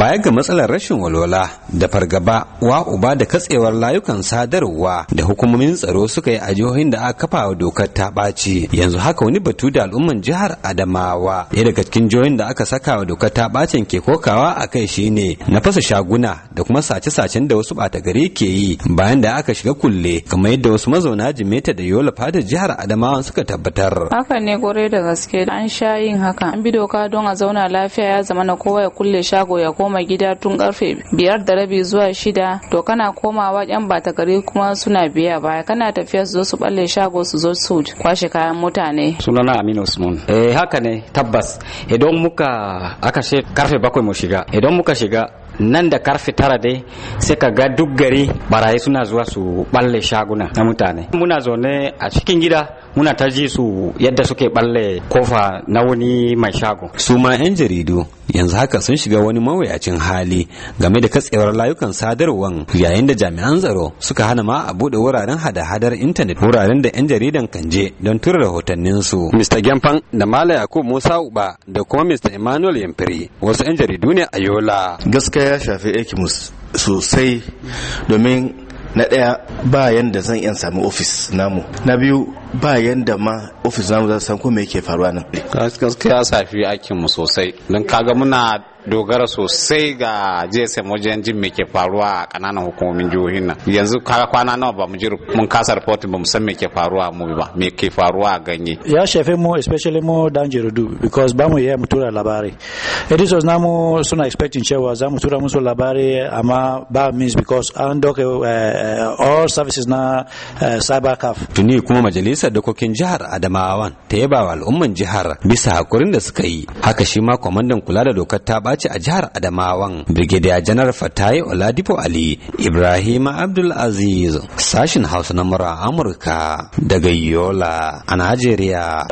baya ga matsalar rashin walwala da fargaba wa uba da katsewar layukan sadarwa da hukumomin tsaro suka yi a jihohin da aka kafa wa dokar ta ɓaci yanzu haka wani batu da al'umman jihar adamawa ɗaya daga cikin jihohin da aka saka wa dokar ta ɓacin ke kokawa a kai shine na fasa shaguna da kuma sace-sacen da wasu ɓata gari ke yi bayan da aka shiga kulle kamar yadda wasu mazauna jimeta da yola fadar jihar adamawa suka tabbatar haka ne gore da gaske an sha yin haka an bi doka don a zauna lafiya ya zama na kowa ya kulle shago ya koma koma gida tun karfe biyar da rabi zuwa shida to kana komawa yan bata gari kuma suna biya baya kana tafiya su zo su balle shago su zo su kwashe kayan mutane sunana aminu usman eh haka ne tabbas idan muka aka she karfe bakwai mu shiga idan muka shiga nan da karfe tara dai sai ka ga duk gari barayi suna zuwa su balle shaguna na mutane muna zaune a cikin gida muna ta ji su yadda suke balle kofa na wani mai shago su ma 'yan jaridu yanzu haka sun shiga wani mawuyacin hali game da katsewar layukan sadarwar yayin da jami'an tsaro suka hana ma a bude wuraren hada-hadar intanet wuraren da 'yan jaridan kan je don tura rahotannin su Mr. Gemfan da Mala Yakub Musa Uba da kuma Mr. Emmanuel Yamfiri wasu 'yan jaridu ne a Yola. Gaskiya ya shafi Ekimus sosai domin na ɗaya bayan da zan iya sami ofis namu na biyu ba yanda ma ofis zamu za san ko me yake faruwa nan gaskiya safi aikin mu sosai don kaga muna dogara sosai ga gsm wajen jin me ke faruwa a kananan hukumomin jihohin nan yanzu kaga kwana nawa ba mu ji mun kasa report ba mu san me ke faruwa mu ba me ke faruwa a ganye ya shafe mu especially mu dan jerudu because ba mu iya mu tura labari editors namu suna expecting cewa za mu tura musu labari amma ba means because an doke eh, eh, all services na eh, cyber caf tuni kuma majalis bisa dokokin jihar adamawan ta yaba wa al'umman jihar bisa hakurin da suka yi haka shi ma kwamandan kula da dokar ta ɓaci a jihar adamawan brigadier janar fatayi oladipo ali ibrahim abdul aziz sashin hausa na amurka daga yola a najeriya